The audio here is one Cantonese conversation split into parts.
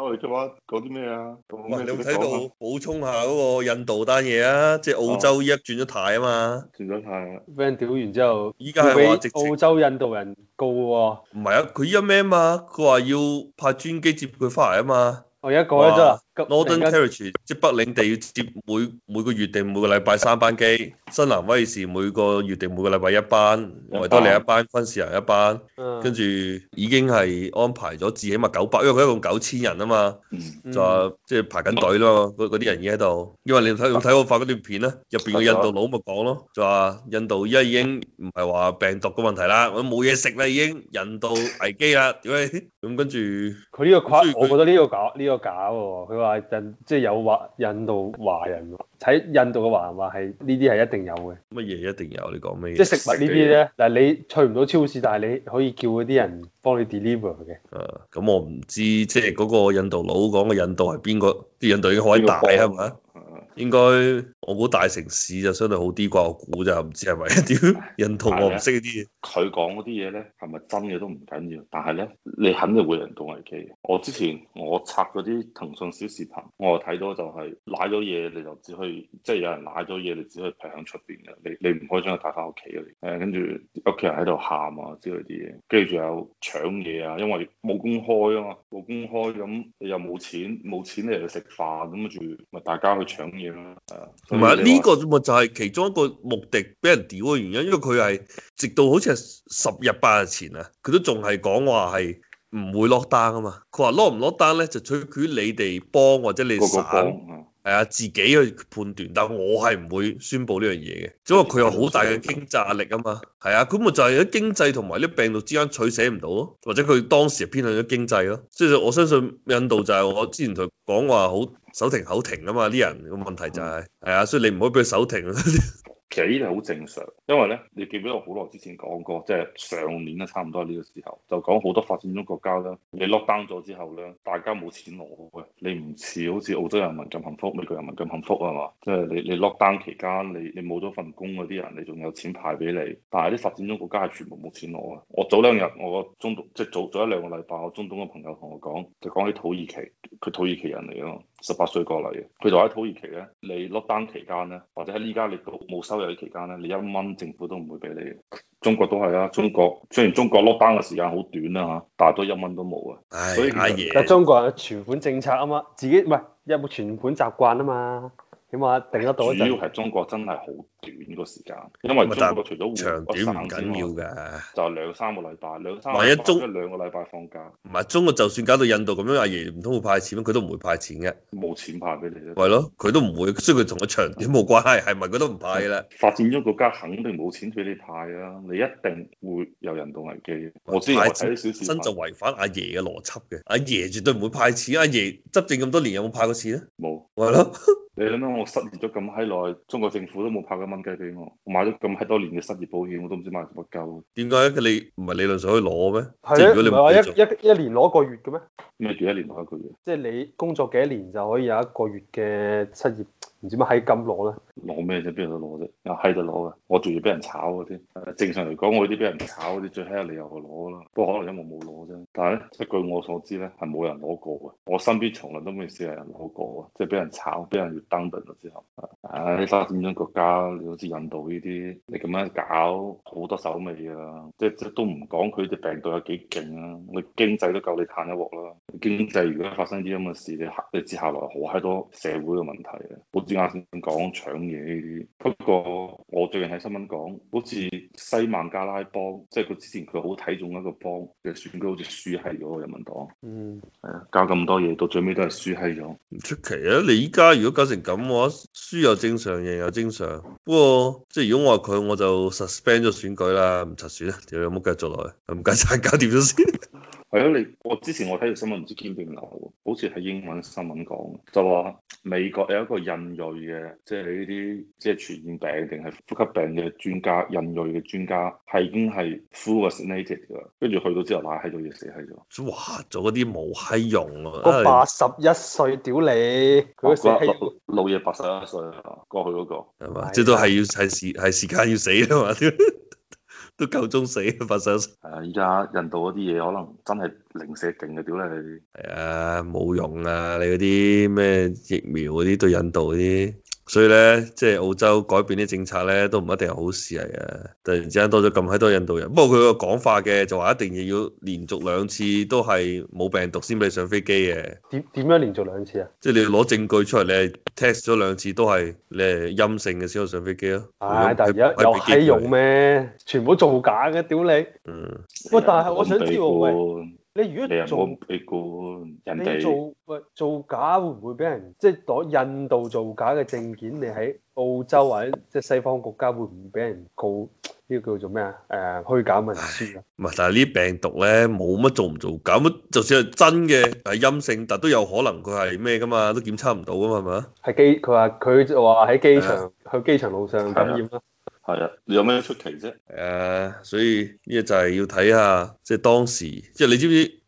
我哋今晚講啲咩啊？喂，你有睇到補充下嗰個印度單嘢啊？即係澳洲依家轉咗態啊嘛，轉咗態，van 屌完之後，依家係話直情澳洲印度人告喎，唔係啊，佢依家咩啊嘛？佢話要派專機接佢翻嚟啊嘛。我而家講咗啦，Northern Territory 即北領地要接每每個月定每個禮拜三班機，新南威士每個月定每個禮拜一班，維多利一班，軍事人一班，跟住、嗯、已經係安排咗至起碼九百，因為佢一共九千人啊嘛，嗯、就話即排緊隊咯，嗰啲人已經喺度。因為你睇睇我發嗰段片啦，入邊嘅印度佬咪講咯，就話、是、印度而家已經唔係話病毒嘅問題啦，我冇嘢食啦已經，印度危機啦，點解？咁跟住佢呢個跨 u 我覺得呢個搞。呢、這個個假喎，佢話印即係有話印度華人喎，喺印度嘅華人話係呢啲係一定有嘅。乜嘢一定有？你講咩？即係食物呢啲咧，但係你去唔到超市，但係你可以叫嗰啲人幫你 deliver 嘅。誒、嗯，咁、嗯嗯、我唔知即係嗰個印度佬講嘅印度係邊個啲印度已經好大，係咪啊？應該我估大城市就相對好啲啩，我估就唔知係咪。點 印同我唔識啲嘢。佢講嗰啲嘢咧係咪真嘅都唔緊要，但係咧你肯定會有人道危機。我之前我刷嗰啲騰訊小視頻，我睇到就係攋咗嘢你就只可以，即、就、係、是、有人攋咗嘢你只可以劈喺出邊嘅，你你唔可以將佢帶翻屋企。誒、嗯，跟住屋企人喺度喊啊之類啲嘢，跟住仲有搶嘢啊，因為冇工開啊嘛，冇工開咁你又冇錢，冇錢你就食飯咁啊，跟住咪大家去搶。係同埋呢個咪就係其中一個目的俾人屌嘅原因，因為佢係直到好似係十日八日前啊，佢都仲係講話係唔會落單啊嘛，佢話落唔落單咧就取決，你哋幫或者你散。係啊，自己去判斷，但係我係唔會宣布呢樣嘢嘅，只不過佢有好大嘅經濟壓力啊嘛。係啊，咁咪就係喺經濟同埋啲病毒之間取捨唔到咯，或者佢當時係偏向咗經濟咯。即係我相信印度就係、是、我之前同講話好手停口停啊嘛，啲人個問題就係係啊，所以你唔可以俾佢手停。 其實依啲係好正常，因為咧，你記唔記得我好耐之前講過，即係上年咧，差唔多呢個時候就講好多發展中國家啦。你 lock down 咗之後咧，大家冇錢攞嘅，你唔似好似澳洲人民咁幸福，美國人民咁幸福啊嘛，即係你你 lock down 期間，你你冇咗份工嗰啲人，你仲有錢派俾你，但係啲發展中國家係全部冇錢攞啊。我早兩日我中東，即係早早一兩個禮拜，我中東嘅朋友同我講，就講起土耳其，佢土耳其人嚟咯。十八歲過嚟嘅，佢就喺土耳其咧。你落 o 期間咧，或者喺呢家你冇收入啲期間咧，你一蚊政府都唔會俾你。中國都係啊，中國雖然中國落 o 嘅時間好短啦、啊、嚇，但係都一蚊都冇啊。唉，打嘢，哎呀。但中國人嘅存款政策啊嘛，自己唔係有冇存款習慣啊嘛。起碼定得到？主要係中國真係好短個時間，因為大國除咗長短唔緊要嘅，就兩三個禮拜，兩三個，個禮拜放假。唔係中國就算搞到印度咁樣，阿爺唔通會派錢？佢都唔會派錢嘅，冇錢派俾你啫。係咯，佢都唔會，所以佢同個長短冇關係，係咪？佢都唔派啦。發展咗國家肯定冇錢俾你派啦、啊，你一定會有人道危機。我，我知睇少小事就違反阿爺嘅邏輯嘅，阿爺絕對唔會派錢。阿爺執政咁多年有冇派過錢咧？冇有。係咯是的。 你諗下，我失業咗咁喺耐，中國政府都冇派一蚊雞俾我。我買咗咁喺多年嘅失業保險，我都唔知買唔買夠。點解？你唔係理論上可以攞咩？的即係如果你話是一一一年攞一個月嘅咩？咩叫一年攞一個月？即係你工作幾多年就可以有一個月嘅失業？唔知乜閪咁攞咧？攞咩啫？邊度攞啫？啊，閪就攞嘅。我仲要俾人炒嗰啲，正常嚟講，我啲俾人炒嗰啲最閪有理由攞啦。不過可能而家冇攞啫。但係咧，據我所知咧，係冇人攞過嘅。我身邊從來都未試有人攞過嘅，即係俾人炒、俾人要登頓咗之後。唉、哎，發展中國家，你好似印度呢啲，你咁樣搞好多手尾啊！即即都唔講佢啲病毒有幾勁啊，佢經濟都夠你攤一鑊啦。經濟如果發生啲咁嘅事，你下你接下來好閪多社會嘅問題嘅、啊。啱先講搶嘢呢啲，不過我最近喺新聞講，好似西孟加拉邦，即係佢之前佢好睇中一個邦嘅選舉好，好似輸蝦咗個人民黨。嗯，係啊，搞咁多嘢到最尾都係輸蝦咗，唔出奇啊！你依家如果搞成咁嘅話，輸又正常，贏又正常。不過即係如果我話佢，我就 suspend 咗選舉啦，唔擲選啊，條友冇繼續落去，唔該晒，搞掂咗先。係 啊，你我之前我睇條新聞，唔知堅定流，好似喺英文新聞講，就話美國有一個印。類嘅，即係你呢啲即係傳染病定係呼吸病嘅專家，人類嘅專家係已經係 focussed u 噶，跟住去到之後到死，死喺度，要死喺度。哇！做嗰啲冇閪用咯，個八十一歲屌你，佢都死喺老嘢八十一歲過去嗰、那個，係嘛吧？即都係要係時係時間要死啦嘛 都夠鐘死，發生誒，依家印度嗰啲嘢可能真係零舍勁嘅，屌啦，你、哎！係啊，冇用啊，你嗰啲咩疫苗嗰啲對印度嗰啲。所以咧，即係澳洲改變啲政策咧，都唔一定係好事嚟嘅。突然之間多咗咁閪多印度人，不過佢個講法嘅就話一定要要連續兩次都係冇病毒先俾你上飛機嘅。點點樣連續兩次啊？即係你要攞證據出嚟，你係 test 咗兩次都係你係陰性嘅先可以上飛機咯。唉、哎，能但係有有費用咩？全部造假嘅，屌你嗯嗯！嗯。喂、嗯，但係我想知喎，喂、嗯。嗯你如果做你，有、啊、人你做喂做假會唔會俾人即係攞印度做假嘅證件？你喺澳洲或者即係西方國家會唔會俾人告呢、呢個叫做咩啊？誒、呃，虛假文書啊！唔係，但係呢啲病毒咧冇乜做唔做假，咁就算真嘅係陰性，但都有可能佢係咩噶嘛？都檢測唔到噶嘛？係咪啊？係機佢話佢話喺機場去機場路上感染啦。係啊，你有咩出奇啫？係、uh, 所以呢個就係要睇下，即係當時，即係你知唔知？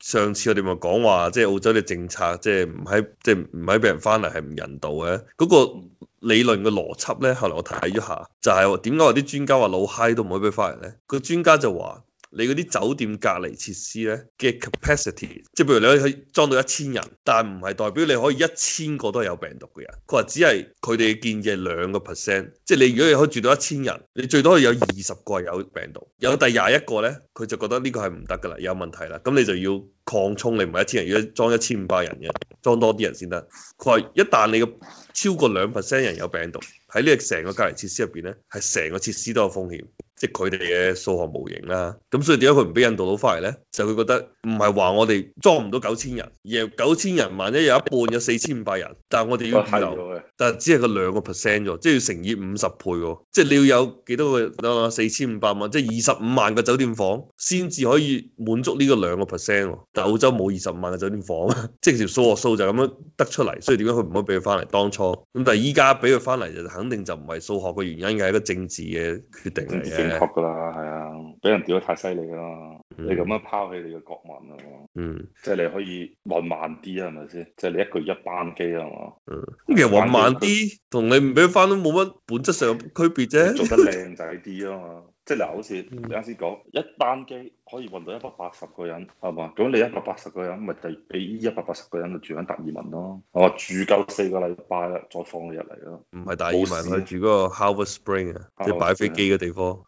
上次我哋咪講話，即係澳洲嘅政策，即係唔喺，即係唔喺俾人翻嚟，係唔人道嘅。嗰個理論嘅邏輯咧，後來我睇咗下，就係點解話啲專家話老閪都唔可以俾翻嚟咧？個專家就話。你嗰啲酒店隔離設施咧嘅 capacity，即係譬如你可以裝到一千人，但唔係代表你可以一千個都係有病毒嘅人。佢話只係佢哋建議兩個 percent，即係你如果你可以住到一千人，你最多可以有二十個係有病毒，有第廿一個咧，佢就覺得呢個係唔得㗎喇，有問題喇，咁你就要。擴充你唔係一千人，要裝一千五百人嘅，裝多啲人先得。佢話一旦你嘅超過兩 percent 人有病毒，喺呢個成個隔離設施入邊咧，係成個設施都有風險。即係佢哋嘅數學模型啦、啊。咁所以點解佢唔俾印度佬翻嚟咧？就佢覺得唔係話我哋裝唔到九千人，而九千人萬一有一半有四千五百人，但係我哋要分流，的但係只係個兩個 percent 啫，即係要乘以五十倍喎。即係你要有幾多個啊？四千五百萬，即係二十五萬個酒店房先至可以滿足呢個兩個 percent 喎。但澳洲冇二十萬嘅酒店房啊，即係條數學數就咁樣得出嚟，所以點解佢唔可以俾佢翻嚟當初？咁但係依家俾佢翻嚟，就肯定就唔係數學嘅原因，係一個政治嘅決定嚟嘅。正確㗎啦，係啊，俾人屌得太犀利啦。你咁樣拋棄你嘅國民啊嘛，嗯，即係你可以運慢啲啊，係咪先？即係你一個月一班機啊嘛，嗯，咁其實運慢啲同你唔俾翻都冇乜本質上嘅區別啫，做得靚仔啲啊嘛，即係嗱，嗯、你好似你啱先講，一班機可以運到一百八十個人，係嘛？咁你一百八十個人咪就俾一百八十個人就住緊達爾文咯，我話住夠四個禮拜啦，再放佢入嚟咯，唔係達爾文，住嗰個 Howard Spring 啊，即係擺飛機嘅地方。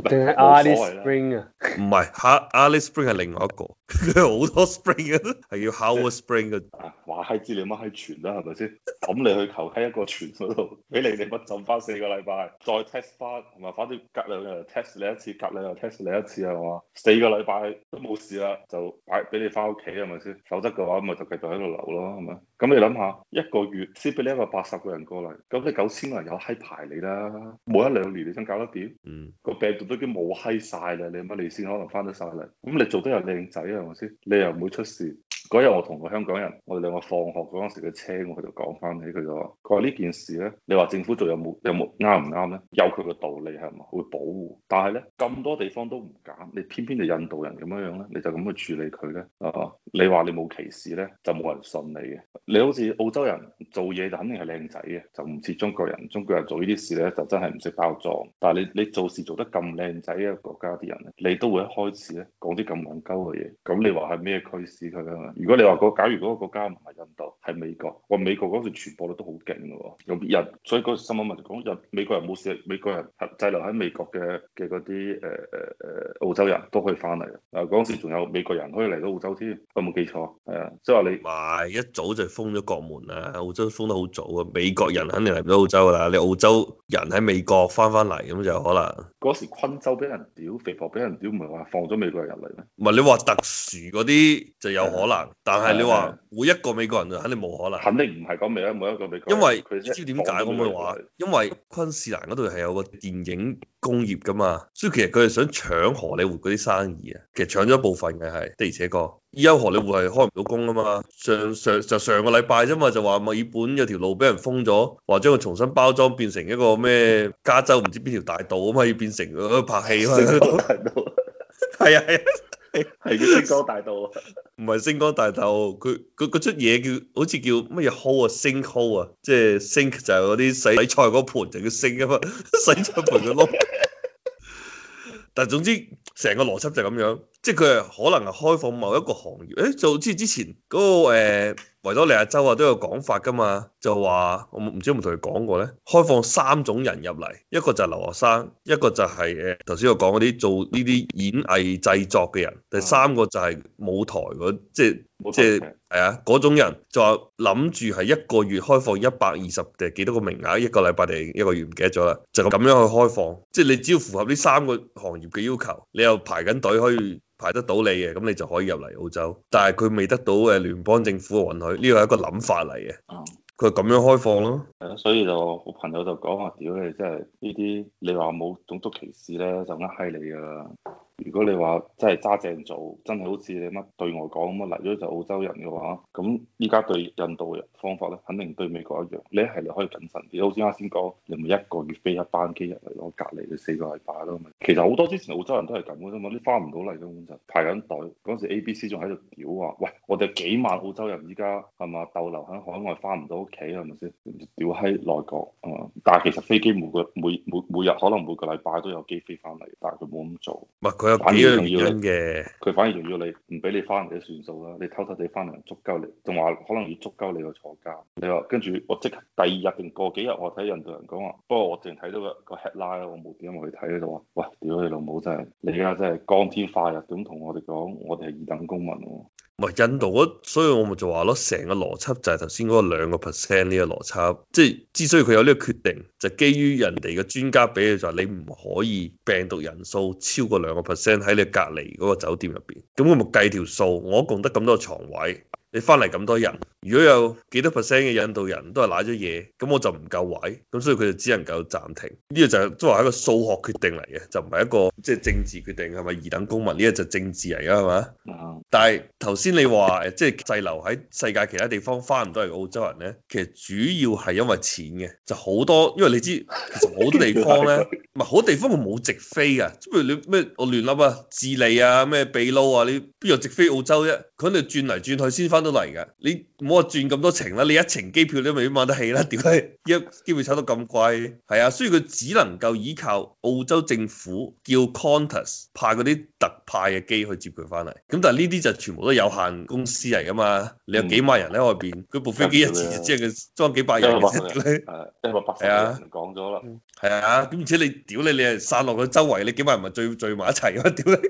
定係阿里 spring 啊，唔係，阿阿里 spring 係另外一個，佢 好多 spring 嘅，係要 Howard Spring 啊？話係治療乜係傳啦，係咪先？咁你， 你去求溪一個傳嗰度，俾你你乜浸翻四個禮拜，再 test 翻，同埋反正隔兩日 test 你一次，隔兩日 test 你一次啊嘛。四個禮拜都冇事啦，就擺俾你翻屋企係咪先？否則嘅話，咪就繼續喺度留咯，係咪？咁你諗下，一個月先俾你一個八十個人過嚟，咁你九千個人有閪排你啦，冇一兩年你想搞得掂？嗯，個都已經冇閪晒啦，你乜你先可能翻得晒啦。咁你做得又靚仔啊，係咪先？你又唔會出事。嗰日我同個香港人，我哋兩個放學嗰陣時嘅車我，我佢就講翻起佢就佢話呢件事咧，你話政府做有冇有冇啱唔啱咧？有佢嘅道理係嘛，會保護。但係咧咁多地方都唔揀，你偏偏就印度人咁樣樣咧，你就咁去處理佢咧啊！你話你冇歧視咧，就冇人信你嘅。你好似澳洲人做嘢就肯定係靚仔嘅，就唔似中國人，中國人做呢啲事咧就真係唔識包裝。但係你你做事做得咁靚仔嘅國家啲人咧，你都會一開始咧講啲咁戇鳩嘅嘢，咁你話係咩驅使佢啊？如果你話嗰，假如嗰個國家唔係。喺美國，我美國嗰時傳播率都好勁㗎喎，有別人，所以嗰時新聞咪講就美國人冇事，美國人係滯留喺美國嘅嘅嗰啲誒誒誒澳洲人都可以翻嚟，啊嗰時仲有美國人可以嚟到澳洲添，有冇記錯？係啊，即係話你話一早就封咗國門啊，澳洲封得好早啊，美國人肯定嚟唔到澳洲噶啦，你澳洲人喺美國翻翻嚟咁就可能嗰時昆州俾人屌，肥婆俾人屌，唔係話放咗美國人入嚟咩？唔係你話特殊嗰啲就有可能，但係你話每一個美國人就肯。即冇可能，肯定唔係咁味啦，一個俾。因為佢知點解噉樣話，因為昆士蘭嗰度係有個電影工業㗎嘛，所以其實佢係想搶荷里活嗰啲生意啊，其實搶咗一部分嘅係，的而且確，而家荷里活係開唔到工啊嘛。上上就上，上，上，上個禮拜啫嘛，就話墨爾本有條路俾人封咗，話將佢重新包裝變成一個咩加州唔知邊條大道啊嘛，要變成去拍戲去。 係叫星光大道，啊，唔係星光大道，佢佢出嘢叫，好似叫乜嘢 hole 啊，sink hole 啊，即係 sink 就係嗰啲洗菜嗰盤，就叫 sink 啊嘛，洗菜盤嘅窿。 但係總之，成個邏輯就係咁樣，即係佢係可能係開放某一個行業，誒、欸，就好似之前嗰、那個誒。欸維多利亞州啊都有講法㗎嘛，就話我唔知有冇同佢講過咧，開放三種人入嚟，一個就係留學生，一個就係誒頭先我講嗰啲做呢啲演藝製作嘅人，第三個就係舞台嗰、啊、即係即係係啊嗰、啊、種人，就話諗住係一個月開放一百二十定幾多個名額，一個禮拜定一個月唔記得咗啦，就咁樣去開放，啊、即係你只要符合呢三個行業嘅要求，你又排緊隊可以。排得到你嘅，咁你就可以入嚟澳洲。但係佢未得到誒聯邦政府嘅允許，呢個係一個諗法嚟嘅。佢係咁樣開放咯。係咯、嗯嗯，所以就我朋友就講話：屌你真係呢啲，你話冇種族歧視咧，就呃、是、係你㗎啦。如果你話真係揸正做，真係好似你乜對外講咁啊嚟咗就澳洲人嘅話，咁依家對印度人方法咧，肯定對美國一樣。你係你可以謹慎啲，好似啱先講，你咪一個月飛一班機入嚟攞隔離，你四個禮拜咯。其實好多之前澳洲人都係咁嘅啫嘛，你翻唔到嚟咁就排緊隊。嗰時 A B C 仲喺度屌話，喂，我哋幾萬澳洲人依家係嘛逗留喺海外，翻唔到屋企係咪先？屌喺內國啊！但係其實飛機每個每每每日可能每個禮拜都有機飛翻嚟，但係佢冇咁做。反而仲要，要你，佢反而仲要你，唔俾你翻嚟都算數啦。你偷偷哋翻嚟捉鳩你，仲話可能要捉鳩你去坐監。你話、嗯、跟住我即刻第二日定過幾日，我睇印度人講話。不過我淨睇到個個 headline，我冇點去睇佢就話，喂！」真係你而家真係光天化日咁同我哋講，我哋係二等公民喎、啊。唔係印度嗰，所以我咪就話咯，成個邏輯就係頭先嗰兩個 percent 呢個邏輯，即係之所以佢有呢個決定，就係基於人哋嘅專家俾佢就話，你唔可以病毒人數超過兩個 percent 喺你隔離嗰個酒店入邊。咁我咪計條數，我共得咁多床位。你翻嚟咁多人，如果有幾多 percent 嘅印度人都係攋咗嘢，咁我就唔夠位，咁所以佢就只能夠暫停。呢個就作為一個數學決定嚟嘅，就唔係一個即係、就是、政治決定係咪二等公民？呢、這個就政治嚟㗎，係嘛？但係頭先你話即係滯留喺世界其他地方翻唔到嚟澳洲人咧，其實主要係因為錢嘅，就好多因為你知其實好多地方咧，唔係好多地方佢冇直飛㗎，即譬如你咩我亂笠啊，智利啊，咩秘魯啊，你邊度直飛澳洲啫、啊？佢哋轉嚟轉去先翻到嚟㗎，你唔好話轉咁多程啦、啊，你一程機票你都未必買得起啦，點解一機票炒到咁貴？係啊，所以佢只能夠依靠澳洲政府叫 Qantas 派嗰啲特派嘅機去接佢翻嚟。咁但係呢啲就全部都有限公司嚟㗎嘛，你有幾萬人喺外邊，佢部飛機一次即係佢裝幾百人。係，一百八十人講咗啦。係啊，咁、啊啊啊、而且你屌你，你係散落去周圍，你幾萬人咪聚聚埋一齊咯，屌你！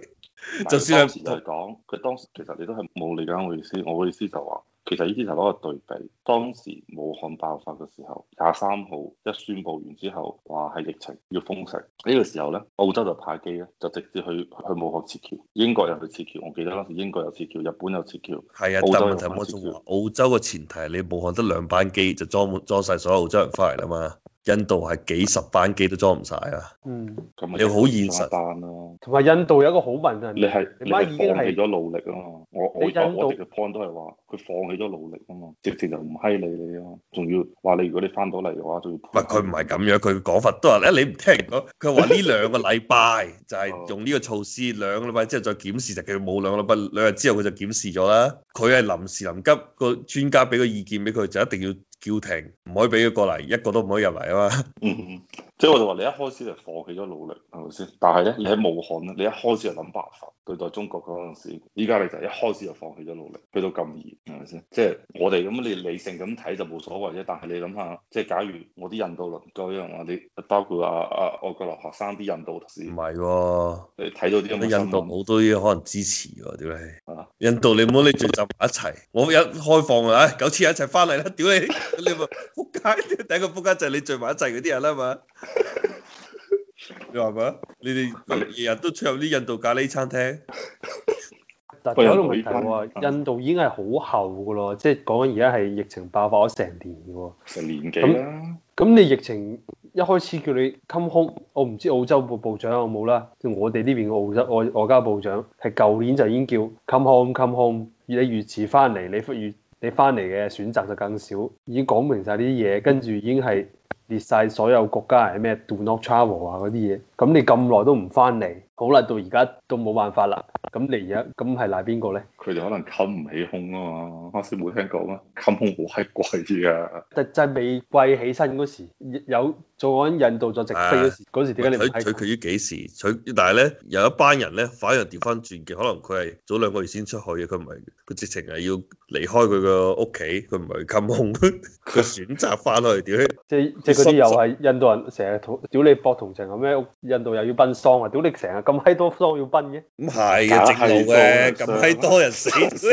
就算當時嚟講，佢當時其實你都係冇理解我意思。我嘅意思就話，其實依啲就攞個對比。當時武漢爆發嘅時候，廿三號一宣布完之後，話係疫情要封城。呢個時候咧，澳洲就派機咧，就直接去去武漢撤僑。英國又去撤僑，我記得啦。英國有撤僑，日本有撤僑。係啊，但問題冇錯，澳洲嘅前提你武漢得兩班機就裝滿裝曬所有澳洲人翻嚟啦嘛。印度係幾十班機都裝唔晒啊！嗯，你好現實。同埋印度有一個好問、啊你，你係你媽是已經係咗我努力啊嘛？我我我嘅 point 都係話佢放棄咗努力啊嘛，直接就唔閪理你咯，仲要話你如果你翻到嚟嘅話，仲要。唔佢唔係咁樣，佢講法都話，一你唔聽咗，佢話呢兩個禮拜就係用呢個措施，兩個禮拜之後再檢視，就佢冇兩個禮拜兩日之後佢就檢視咗啦。佢係臨時臨急個專家俾個意見俾佢，就一定要叫停，唔可以俾佢過嚟，一個都唔可以入嚟啊嘛。 所以我就話你一開始就放棄咗努力係咪先？但係咧，你喺武漢咧，你一開始就諗辦法對待中國嗰陣時，依家你就一開始就放棄咗努力，去到咁熱係咪先？即係、就是、我哋咁你理性咁睇就冇所謂啫。但係你諗下，即係假如我啲印度鄰居啊，你包括啊啊外國留學生啲印度，唔係你睇到啲印度好多嘢可能支持喎，屌你！印度你唔好你聚集埋一齊，我一開放啊九次一齊翻嚟啦屌你！你冇撲街，第一個撲街就係你聚埋一齊嗰啲人啦嘛～你話唔啊？你哋日日都出入啲印度咖喱餐廳。但仲有個問題喎，印度已經係好後噶咯，即係講緊而家係疫情爆發咗成年噶喎，成年幾，咁你疫情一開始叫你 come home，我唔知澳洲部部長有冇啦，即我哋呢邊個澳洲外外交部長係舊年就已經叫 come home，come home，你越遲翻嚟，你越你翻嚟嘅選擇就更少，已經講明晒呢啲嘢，跟住已經係。列曬所有國家係咩 Do not travel 啊嗰啲嘢，咁你咁耐都唔翻嚟？好啦，難到而家都冇辦法啦。咁你而家咁係賴邊個咧？佢哋可能冚唔起胸啊嘛。我先冇聽講咩？冚胸好閪貴啊，即就係未貴起身嗰時，有做緊印度做直飛嗰時，點解、啊、你批？取佢決於幾時？取，但係咧有一班人咧，反而掉翻轉嘅。可能佢係早兩個月先出去嘅，佢唔係佢直情係要離開佢嘅屋企，佢唔係冚胸，佢選擇翻去屌。即即嗰啲又係印度人，成日屌你博同情咁咩？印度又要奔喪啊！屌你成日咁閪多喪要奔嘅？咁係啊，正路嘅，咁閪多人死死，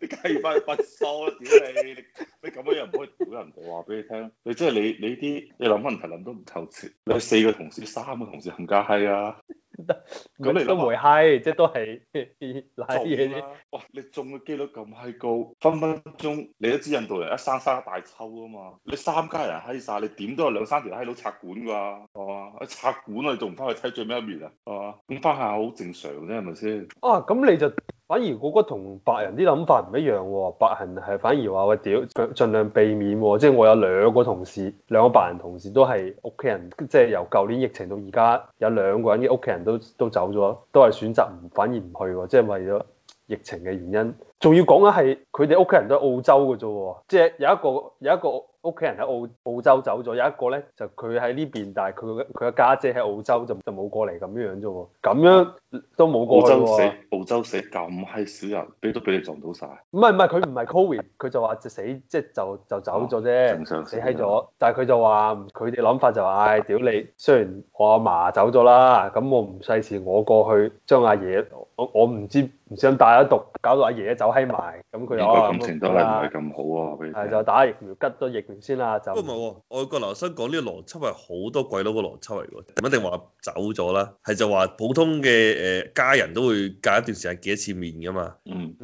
你梗係要翻去奔喪啦！屌你，你你咁樣又唔可以對人哋話俾你聽。你即係你你啲你諗問題，諗都唔透徹。你去四個同事三個同事冚家係啊！咁 你都唔會閪，即係都係瀨嘢啫。哇！你中嘅幾率咁嗨高，分分鐘你都知印度人一三三大抽啊嘛！你三家人嗨晒，你點都有兩三條嗨佬插管噶？係嘛？一插管啊，你仲唔翻去睇最屘一面啊，係嘛？咁翻下好正常啫，係咪先？哦，咁你就～反而我覺得同白人啲諗法唔一樣喎，白人係反而話喂，屌盡量避免喎，即係我有兩個同事，兩個白人同事都係屋企人，即係由舊年疫情到而家，有兩個人嘅屋企人都都走咗，都係選擇唔反而唔去喎，即係為咗疫情嘅原因，仲要講緊係佢哋屋企人都喺澳洲嘅啫喎，即係有一個有一個。屋企人喺澳澳洲走咗，有一個咧就佢喺呢邊，但係佢佢嘅家姐喺澳洲就就冇過嚟咁樣啫喎，咁樣都冇過嚟喎、啊。澳洲死，澳洲死咁閪少人，俾、啊、都俾你撞到晒。唔係唔係，佢唔係 covid，佢就話就死，即係就就，就走咗啫，哦、正常死閪咗。但係佢就話，佢哋諗法就話、是，唉、哎，屌你，雖然我阿嫲走咗啦，咁我唔細事，我過去將阿爺，我我唔知。唔想帶咗毒，搞到阿爺爺走喺埋，咁佢又啊，個感情都係唔係咁好啊？佢就打疫苗，吉咗疫苗先啦、哦這個。不過外國留學生講呢個邏輯係好多鬼佬嘅邏輯嚟喎，唔一定話走咗啦，係就話普通嘅誒家人都會隔一段時間見一次面㗎嘛。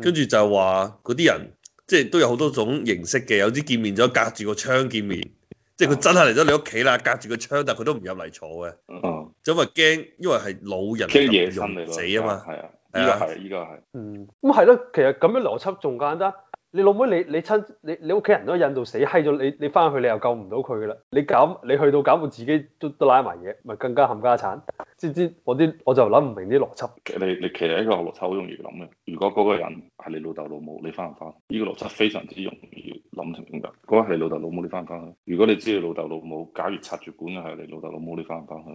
跟住、嗯、就係話嗰啲人，即、就、係、是、都有好多種形式嘅，有啲見面咗隔住個窗見面，即係佢真係嚟咗你屋企啦，隔住個窗但佢都唔入嚟坐嘅。就、嗯嗯、因為驚，因為係老人驚嘢，心嚟死啊嘛。係啊。嗯依個係，依個係。嗯，咁係咯，其實咁樣邏輯仲簡單。你老妹你，你親你親你你屋企人都引到死閪咗，你你翻去你又救唔到佢噶啦。你搞你去到搞到自己都都拉埋嘢，咪更加冚家鏟。知唔知？我啲我就諗唔明啲邏輯。你你其實呢個邏輯好容易諗嘅。如果嗰個人係你老豆老母，你翻唔翻？依個邏輯非常之容易諗㗎。嗰個係老豆老母，你翻唔翻去？如果你知你老豆老母，假如插住管嘅係你老豆老母，你翻唔翻去？